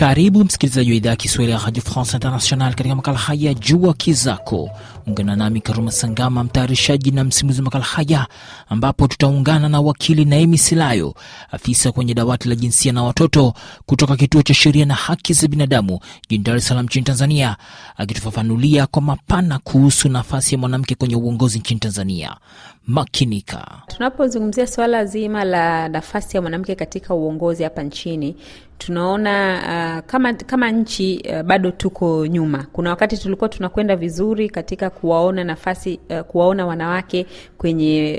Karibu msikilizaji wa idhaa ya Kiswahili ya Radio France International katika makala haya Jua Kizako. Ungana nami Karuma Sangama, mtayarishaji na msimuzi wa makala haya, ambapo tutaungana na wakili Naemi Silayo, afisa kwenye dawati la jinsia na watoto kutoka Kituo cha Sheria na Haki za Binadamu jijini Dar es Salaam nchini Tanzania, akitufafanulia kwa mapana kuhusu nafasi ya mwanamke kwenye uongozi nchini Tanzania. Makinika. Tunapozungumzia swala zima la nafasi ya mwanamke katika uongozi hapa nchini, tunaona uh, kama, kama nchi uh, bado tuko nyuma. Kuna wakati tulikuwa tunakwenda vizuri katika kuwaona nafasi uh, kuwaona wanawake kwenye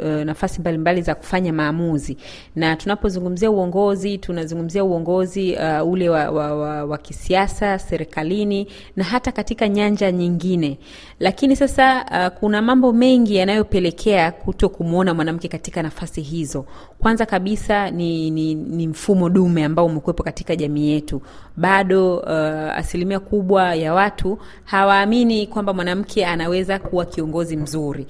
uh, uh, nafasi mbalimbali za kufanya maamuzi, na tunapozungumzia uongozi tunazungumzia uongozi uh, ule wa, wa, wa, wa kisiasa serikalini na hata katika nyanja nyingine, lakini sasa uh, kuna mambo mengi yanayopelekea kuto kumwona mwanamke katika nafasi hizo. Kwanza kabisa ni, ni, ni mfumo dume ambao kuwepo katika jamii yetu. Bado uh, asilimia kubwa ya watu hawaamini kwamba mwanamke anaweza kuwa kiongozi mzuri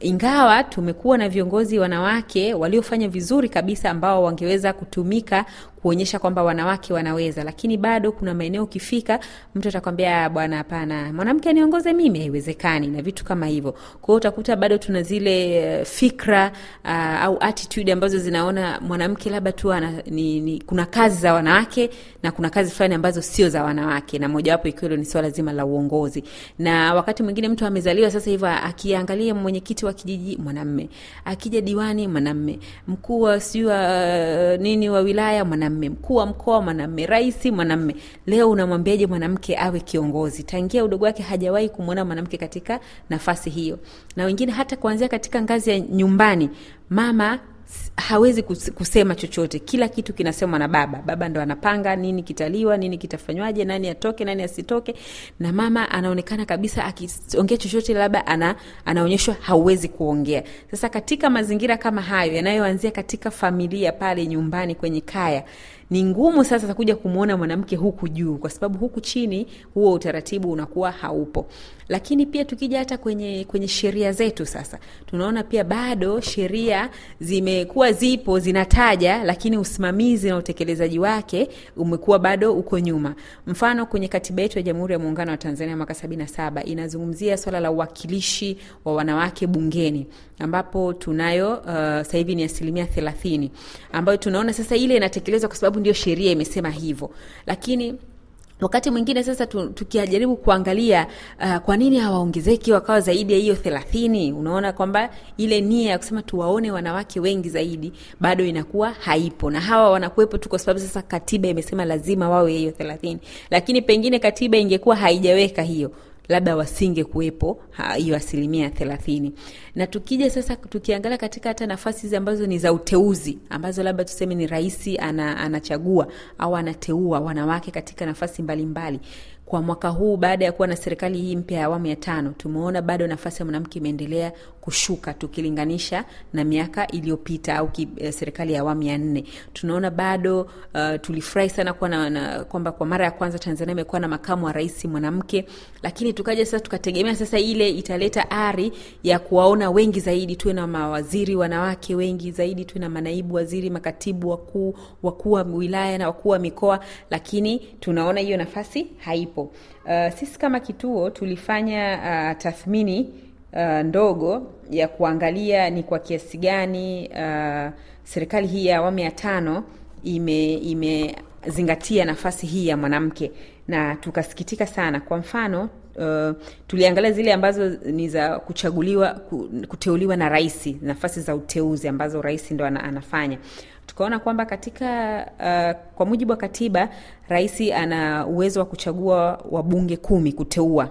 ingawa tumekuwa na viongozi wanawake waliofanya vizuri kabisa ambao wangeweza kutumika kuonyesha kwamba wanawake wanaweza, lakini bado kuna maeneo ukifika, mtu atakwambia ah, bwana, hapana, mwanamke aniongoze mimi, haiwezekani na vitu kama hivyo. Kwa hiyo utakuta bado tuna zile eh, fikra uh, au attitude ambazo zinaona mwanamke labda tu ni, ni, kuna kazi za wanawake na kuna kazi fulani ambazo sio za wanawake, na mojawapo ikiwa ni swala zima la uongozi. Na wakati mwingine mtu amezaliwa sasa hivyo akiangalia mwenyekiti wa kijiji mwanamme, akija diwani mwanamme, mkuu wa sijui eh, nini wa wilaya mwanamme mwanamme, mkuu wa mkoa mwanamme, rais mwanamme. Leo unamwambiaje mwanamke awe kiongozi? Tangia udogo wake hajawahi kumwona mwanamke katika nafasi hiyo. Na wengine hata kuanzia katika ngazi ya nyumbani, mama hawezi kusema chochote, kila kitu kinasemwa na baba. Baba ndo anapanga nini kitaliwa, nini kitafanywaje, nani atoke, nani asitoke, na mama anaonekana kabisa akiongea chochote, labda ana, anaonyeshwa hauwezi kuongea. Sasa katika mazingira kama hayo yanayoanzia katika familia pale nyumbani kwenye kaya ni ngumu sasa kuja kumwona mwanamke huku juu, kwa sababu huku chini huo utaratibu unakuwa haupo. Lakini pia tukija hata kwenye, kwenye sheria zetu sasa tunaona pia bado sheria zimekuwa zipo zinataja, lakini usimamizi na utekelezaji wake umekuwa bado uko nyuma. Mfano, kwenye katiba yetu ya Jamhuri ya Muungano wa Tanzania mwaka 77 inazungumzia swala la uwakilishi wa wanawake bungeni ambapo tunayo uh, sahivi ni asilimia thelathini ambayo tunaona sasa ile inatekelezwa kwa sababu sababu ndio sheria imesema hivyo, lakini wakati mwingine sasa tukijaribu kuangalia uh, kwa nini hawaongezeki wakawa zaidi ya hiyo thelathini, unaona kwamba ile nia ya kusema tuwaone wanawake wengi zaidi bado inakuwa haipo, na hawa wanakuwepo tu kwa sababu sasa katiba imesema lazima wawe hiyo thelathini, lakini pengine katiba ingekuwa haijaweka hiyo labda wasinge kuwepo hiyo asilimia thelathini. Na tukija sasa, tukiangalia katika hata nafasi hizi ambazo ni za uteuzi, ambazo labda tuseme ni rahisi ana, anachagua au anateua wanawake katika nafasi mbalimbali mbali kwa mwaka huu baada ya kuwa na serikali hii mpya ya awamu ya tano, tumeona bado nafasi ya mwanamke imeendelea kushuka tukilinganisha na miaka iliyopita au ki, eh, serikali ya awamu ya nne. Tunaona bado uh, tulifurahi sana kuwa na, na kwamba kwa mara ya kwanza Tanzania imekuwa na makamu wa rais mwanamke, lakini tukaja sasa tukategemea sasa ile italeta ari ya kuwaona wengi zaidi, tuwe na mawaziri wanawake wengi zaidi, tuwe na manaibu waziri, makatibu wakuu, wakuu wa wilaya na wakuu wa mikoa, lakini tunaona hiyo nafasi haipo ipo. Uh, sisi kama kituo tulifanya uh, tathmini uh, ndogo ya kuangalia ni kwa kiasi gani uh, serikali hii ya awamu ya tano ime, imezingatia nafasi hii ya mwanamke na tukasikitika sana. Kwa mfano uh, tuliangalia zile ambazo ni za kuchaguliwa kuteuliwa na rahisi nafasi za uteuzi ambazo rahisi ndo anafanya tukaona kwamba katika uh, kwa mujibu wa katiba rais ana uwezo wa kuchagua wabunge kumi kuteua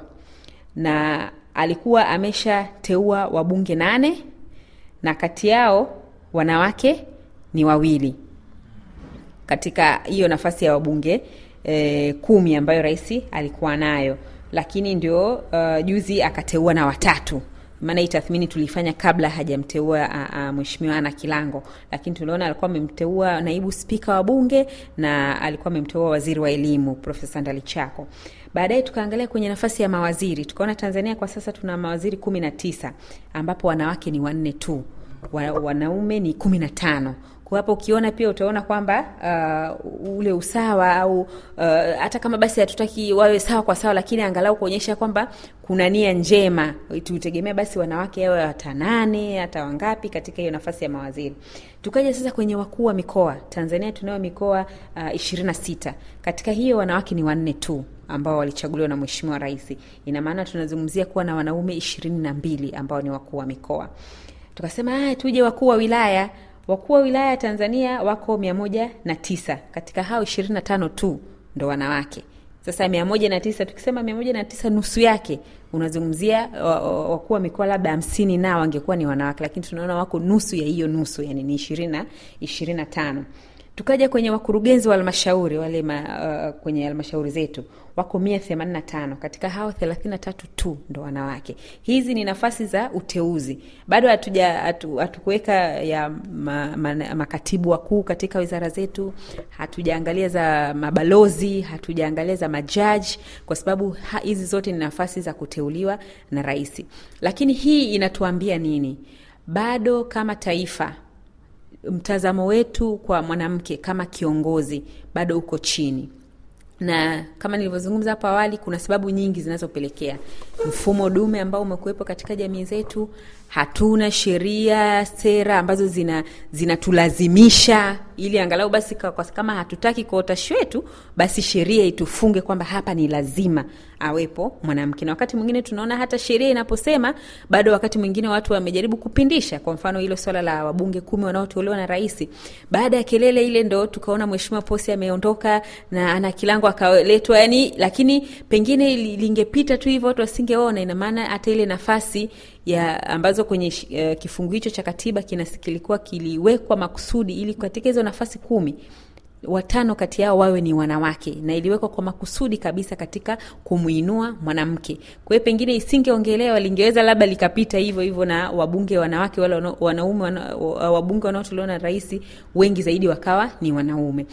na alikuwa ameshateua wabunge nane na kati yao wanawake ni wawili katika hiyo nafasi ya wabunge e, kumi ambayo rais alikuwa nayo, lakini ndio uh, juzi akateua na watatu maana hii tathmini tulifanya kabla hajamteua mweshimiwa Ana Kilango, lakini tuliona alikuwa amemteua naibu spika wa bunge na alikuwa amemteua waziri wa elimu Profesa Ndalichako. Baadaye tukaangalia kwenye nafasi ya mawaziri, tukaona Tanzania kwa sasa tuna mawaziri kumi na tisa ambapo wanawake ni wanne tu, wanaume ni kumi na tano. Kwa hapo ukiona pia utaona kwamba uh, ule usawa au uh, hata kama basi hatutaki wawe sawa kwa sawa, lakini angalau kuonyesha kwamba kuna nia njema. Tutegemea basi wanawake awe watanane hata wangapi katika hiyo nafasi ya mawaziri. Tukaja sasa kwenye wakuu wa mikoa. Tanzania tunayo mikoa uh, ishirini uh, sita Katika hiyo wanawake ni wanne tu ambao walichaguliwa na mweshimiwa Rais. Ina maana tunazungumzia kuwa na wanaume ishirini na mbili ambao ni wakuu wa mikoa. Tukasema tuje wakuu wa wilaya Wakuu wa wilaya ya Tanzania wako mia moja na tisa katika hao ishirini na tano tu ndo wanawake. Sasa mia moja na tisa tukisema mia moja na tisa nusu yake unazungumzia wakuu wa mikoa labda hamsini nao wangekuwa ni wanawake, lakini tunaona wako nusu ya hiyo nusu, yani ni ishirini na tano Tukaja kwenye wakurugenzi wa halmashauri wale ma, uh, kwenye halmashauri zetu wako mia tano katika hao tatu tu ndo wanawake. Hizi ni nafasi za uteuzi, bado hatuja hatukuweka atu, ya ma, ma, makatibu wakuu katika wizara zetu, hatujaangalia za mabalozi, hatujaangalia za majaji, kwa sababu hizi zote ni nafasi za kuteuliwa na rahisi Lakini hii inatuambia nini? Bado kama taifa mtazamo wetu kwa mwanamke kama kiongozi bado uko chini na kama nilivyozungumza hapo awali, kuna sababu nyingi zinazopelekea mfumo dume ambao umekuwepo katika jamii zetu. Hatuna sheria, sera ambazo zina zinatulazimisha ili angalau basi kwa, kama hatutaki kwa utashi wetu, basi sheria itufunge kwamba hapa ni lazima awepo mwanamke. Na wakati mwingine tunaona hata sheria inaposema, bado wakati mwingine watu wamejaribu kupindisha. Kwa mfano hilo swala la wabunge kumi wanaoteuliwa na rais, baada ya kelele ile ndo tukaona mheshimiwa Posi ameondoka na ana kilango mchango akaletwa, yani lakini pengine lingepita tu hivyo watu wasingeona. inamaana hata ile nafasi ya ambazo kwenye uh, kifungu hicho cha katiba kilikuwa kiliwekwa makusudi ili katika hizo nafasi kumi watano kati yao wawe ni wanawake, na iliwekwa kwa makusudi kabisa katika kumwinua mwanamke. Kwa pengine isingeongelewa, lingeweza labda likapita hivyo hivyo, na wabunge wanawake wale wanaume, wana, wabunge wanaotolewa na rahisi wengi zaidi wakawa ni wanaume.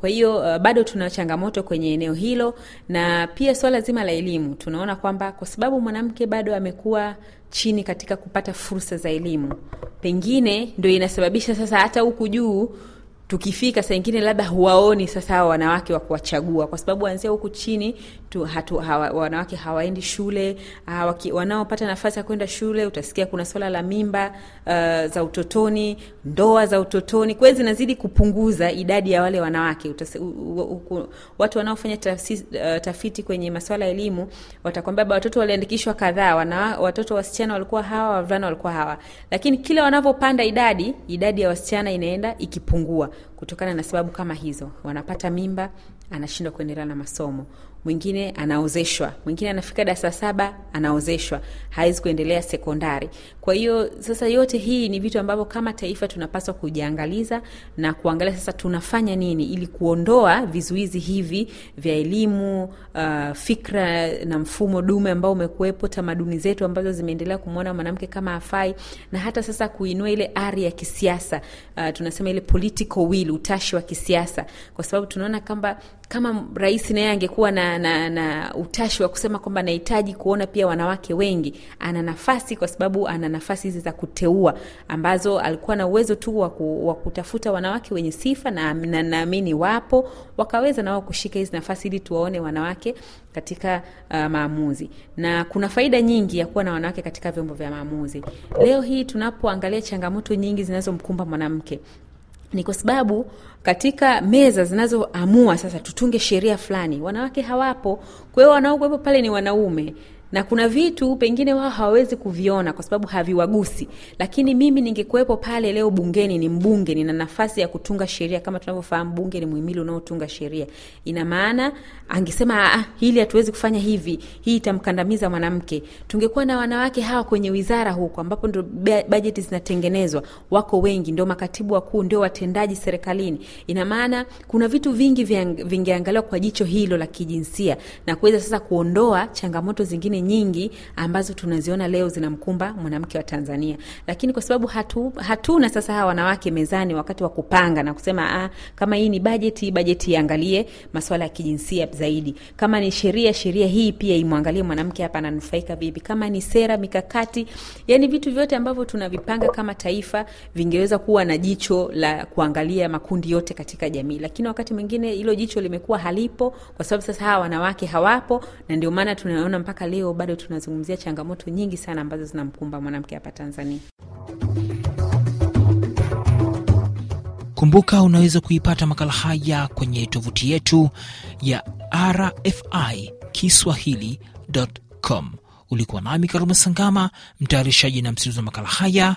Kwa hiyo uh, bado tuna changamoto kwenye eneo hilo, na pia swala zima la elimu, tunaona kwamba kwa sababu mwanamke bado amekuwa chini katika kupata fursa za elimu, pengine ndio inasababisha sasa hata huku juu tukifika saa ingine labda huwaoni sasa hawa wanawake wa kuwachagua, kwa sababu wanzia huku chini tu, hatu, hawa, wanawake hawaendi shule hawaki, ah, wanaopata nafasi ya kwenda shule utasikia kuna swala la mimba uh, za utotoni, ndoa za utotoni, kweli zinazidi kupunguza idadi ya wale wanawake Utas, u, u, u, watu wanaofanya tafsi, uh, ah, tafiti kwenye maswala ya elimu watakwambia watoto waliandikishwa kadhaa, watoto wasichana walikuwa hawa, wavulana walikuwa hawa, lakini kila wanavyopanda idadi idadi ya wasichana inaenda ikipungua kutokana na sababu kama hizo, wanapata mimba anashindwa kuendelea na masomo, mwingine anaozeshwa, mwingine anafika darasa saba anaozeshwa, hawezi kuendelea sekondari. Kwa hiyo sasa, yote hii ni vitu ambavyo kama taifa tunapaswa kujiangaliza na kuangalia sasa tunafanya nini ili kuondoa vizuizi hivi vya elimu, uh, fikra na mfumo dume ambao umekuwepo, tamaduni zetu ambazo zimeendelea kumwona mwanamke kama afai, na hata sasa kuinua ile ari ya kisiasa uh, tunasema ile political will, utashi wa kisiasa, kwa sababu tunaona kwamba kama rais naye angekuwa na, na, na utashi wa kusema kwamba anahitaji kuona pia wanawake wengi, ana nafasi kwa sababu ana nafasi hizi za kuteua ambazo alikuwa na uwezo tu wa kutafuta wanawake wenye sifa, na naamini wapo wakaweza nao kushika hizi nafasi ili tuwaone wanawake katika uh, maamuzi. Na kuna faida nyingi ya kuwa na wanawake katika vyombo vya maamuzi. Leo hii tunapoangalia changamoto nyingi zinazomkumba mwanamke ni kwa sababu katika meza zinazoamua sasa tutunge sheria fulani, wanawake hawapo. Kwa hiyo wanaokuwepo pale ni wanaume na kuna vitu pengine wao hawawezi kuviona kwa sababu haviwagusi, lakini mimi ningekuwepo pale leo bungeni, ni mbunge, nina nafasi ya kutunga sheria. Kama tunavyofahamu, bunge ni muhimili unaotunga sheria. Ina maana angesema ah, ah hili hatuwezi kufanya hivi, hii itamkandamiza mwanamke. Tungekuwa na wanawake hawa kwenye wizara huko, ambapo ndo bajeti zinatengenezwa, wako wengi, ndio makatibu wakuu, ndio watendaji serikalini. Ina maana kuna vitu vingi vingeangaliwa kwa jicho hilo la kijinsia na kuweza sasa kuondoa changamoto zingine nyingi ambazo tunaziona leo zinamkumba mwanamke wa Tanzania, lakini kwa sababu hatu, hatuna sasa hawa wanawake mezani wakati wa kupanga na kusema ah, kama hii ni bajeti, bajeti iangalie masuala ya kijinsia zaidi. Kama ni sheria, sheria hii pia imwangalie mwanamke hapa ananufaika vipi. Kama ni sera, mikakati, yani vitu vyote ambavyo tunavipanga kama taifa vingeweza kuwa na jicho la kuangalia makundi yote katika jamii, lakini wakati mwingine hilo jicho limekuwa halipo, kwa sababu sasa hawa wanawake hawapo, na ndio maana tunaona mpaka leo leo bado tunazungumzia changamoto nyingi sana ambazo zinamkumba mwanamke hapa Tanzania. Kumbuka, unaweza kuipata makala haya kwenye tovuti yetu ya RFI Kiswahili.com. Ulikuwa nami Karume Sangama, mtayarishaji na msimulizi wa makala haya.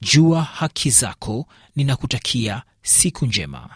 Jua haki zako, ninakutakia siku njema.